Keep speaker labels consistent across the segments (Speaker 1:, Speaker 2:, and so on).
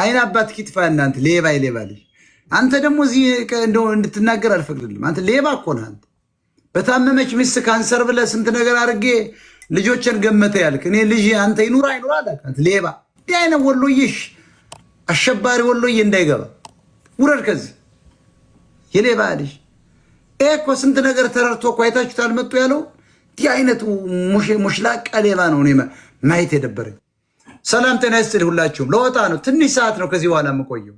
Speaker 1: አይን አባት ኪጥፋ እናንተ ሌባ ሌባ ልጅ አንተ ደግሞ እዚህ እንድትናገር አልፈቅድልም። አንተ ሌባ እኮ ነህ። አንተ በታመመች ሚስት ካንሰር ብለህ ስንት ነገር አድርጌ ልጆችን ገመተ ያልክ እኔ ልጅ አንተ ይኑራ አይኑራ አላልክ። አንተ ሌባ እንዲህ አይነት ወሎዬሽ አሸባሪ ወሎዬ እንዳይገባ ውረድ ከዚህ የሌባ ልጅ። ይሄ እኮ ስንት ነገር ተረድቶ እኮ አይታችሁት አልመጡ ያለው እንዲህ አይነቱ ሙሽላቃ ሌባ ነው እኔ ማየት የደበረኝ። ሰላም ጤና ይስጥል ሁላችሁም። ለወጣ ነው ትንሽ ሰዓት ነው ከዚህ በኋላ የምቆየው።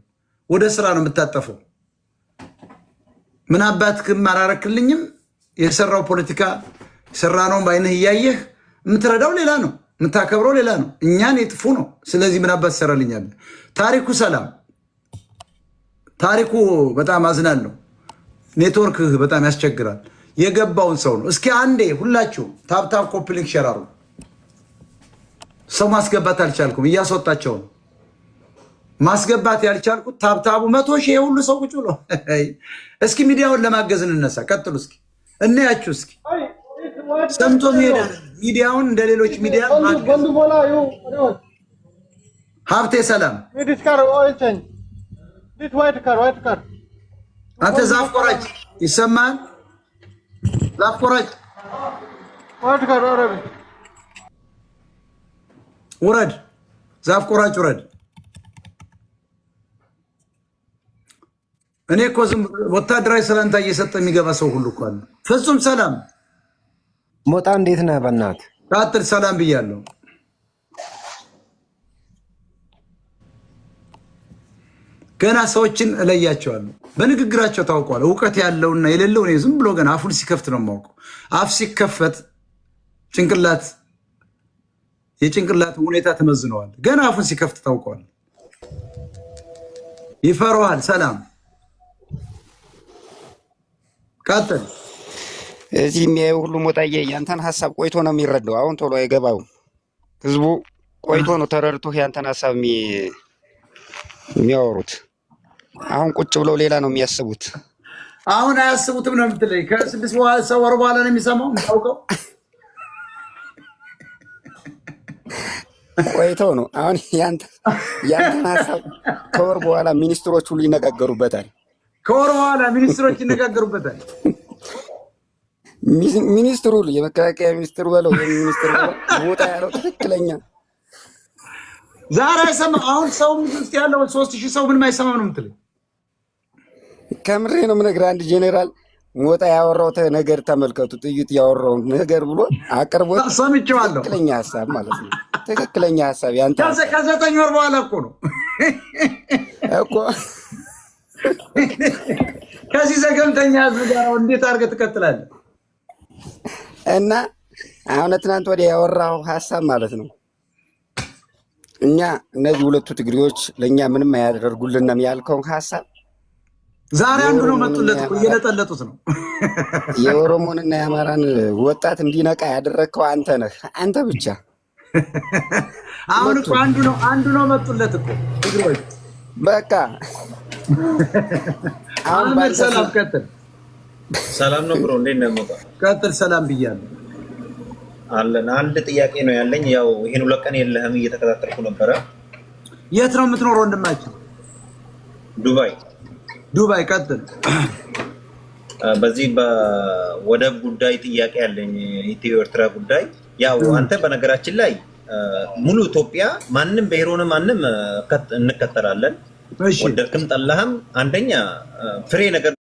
Speaker 1: ወደ ስራ ነው የምታጠፈው። ምን አባትክም አላረክልኝም። የሰራው ፖለቲካ ስራ ነው ባይነህ እያየህ የምትረዳው ሌላ ነው፣ የምታከብረው ሌላ ነው። እኛን የጥፉ ነው። ስለዚህ ምን አባት ትሰራልኛለ? ታሪኩ ሰላም ታሪኩ በጣም ነው። ኔትወርክህ በጣም ያስቸግራል። የገባውን ሰው ነው። እስኪ አንዴ ሁላችሁ ታብታብ ኮፕሊንግ ሸራሩ ሰው ማስገባት አልቻልኩም። እያስወጣቸው ነው። ማስገባት ያልቻልኩት ታብታቡ መቶ ሺህ የሁሉ ሰው ቁጭ ብሎ እስኪ ሚዲያውን ለማገዝ እንነሳ። ቀጥሉ እስኪ እናያችሁ። እስኪ ሰምቶ ሄደ ሚዲያውን እንደ ሌሎች ሚዲያ ሀብቴ ሰላም፣ አንተ ዛፍ ቆራጭ ይሰማል። ዛፍ ቆራጭ ውረድ፣ ዛፍ ቆራጭ ውረድ። እኔ እኮ ዝም ወታደራዊ ሰላምታ እየሰጠ የሚገባ ሰው ሁሉ እኮ አለ። ፍጹም ሰላም
Speaker 2: ሞጣ፣ እንዴት ነህ? በእናትህ
Speaker 1: ቀጥል። ሰላም ብያለሁ። ገና ሰዎችን እለያቸዋለሁ። በንግግራቸው ታውቋል። እውቀት ያለውና የሌለው እኔ ዝም ብሎ ገና አፉን ሲከፍት ነው የማውቀው። አፍ ሲከፈት ጭንቅላት የጭንቅላት ሁኔታ ተመዝነዋል። ገና አፉን ሲከፍት ታውቀዋል። ይፈራዋል። ሰላም ቀጥል።
Speaker 2: እዚህ የሚያየው ሁሉ ሞጣዬ ያንተን ሀሳብ ቆይቶ ነው የሚረዳው። አሁን ቶሎ አይገባውም። ህዝቡ ቆይቶ ነው ተረድቶ ያንተን ሀሳብ የሚያወሩት። አሁን ቁጭ ብለው ሌላ ነው የሚያስቡት።
Speaker 1: አሁን አያስቡትም ነው የምትለኝ። ከስድስት ሰወር በኋላ ነው የሚሰማው ታውቀው
Speaker 2: ቆይተው ነው አሁን ያንተን ሀሳብ ከወር በኋላ ሚኒስትሮች ሁሉ ይነጋገሩበታል።
Speaker 1: ከወር በኋላ ሚኒስትሮች ይነጋገሩበታል።
Speaker 2: ሚኒስትሩ የመከላከያ ሚኒስትሩ በለው ሚኒስትር ቦታ ያለው ትክክለኛ
Speaker 1: ዛሬ አይሰማም። አሁን ሰው ምስ ያለው ሶስት ሺህ ሰው ምንም አይሰማም ነው ምትል
Speaker 2: ከምሬ ነው ምነግር አንድ ጄኔራል ሞጣ ያወራው ነገር ተመልከቱ፣ ጥይት ያወራው ነገር ብሎ አቅርቦት
Speaker 1: ሰምቼዋለሁ። ትክክለኛ
Speaker 2: ሀሳብ ማለት ነው ትክክለኛ ሀሳብ ያንተ
Speaker 1: ከዘጠኝ ወር በኋላ እኮ ነው እኮ ከዚህ ዘገምተኛ ህዝብ ጋር እንዴት አድርገህ ትቀጥላለህ?
Speaker 2: እና አሁን ትናንት ወዲያ ያወራው ሀሳብ ማለት ነው እኛ እነዚህ ሁለቱ ትግሪዎች ለእኛ ምንም አያደርጉልንም ያልከውን ሀሳብ
Speaker 1: ዛሬ አንዱ ነው መጡለት፣ እየለጠለጡት ነው።
Speaker 2: የኦሮሞንና የአማራን ወጣት እንዲነቃ ያደረግከው አንተ ነህ፣ አንተ ብቻ
Speaker 1: አሁን እኮ አንዱ ነው አንዱ ነው መጡለት እኮ ትግሮች በቃ አህመድ ሰላም ቀጥል።
Speaker 2: ሰላም ነው ብሮ እንዴት ነው
Speaker 1: ቀጥል። ሰላም ብያለሁ።
Speaker 2: አለን አንድ ጥያቄ ነው ያለኝ። ያው ይሄን ሁለት ቀን የለህም እየተከታተልኩ ነበረ።
Speaker 1: የት ነው የምትኖረው ወንድማችን? ዱባይ ዱባይ። ቀጥል።
Speaker 2: በዚህ በወደብ ጉዳይ ጥያቄ ያለኝ ኢትዮ ኤርትራ ጉዳይ ያው አንተ በነገራችን ላይ ሙሉ ኢትዮጵያ ማንም ብሔሮን ማንም እንከተላለን፣ ወደድክም ጠላህም አንደኛ ፍሬ ነገር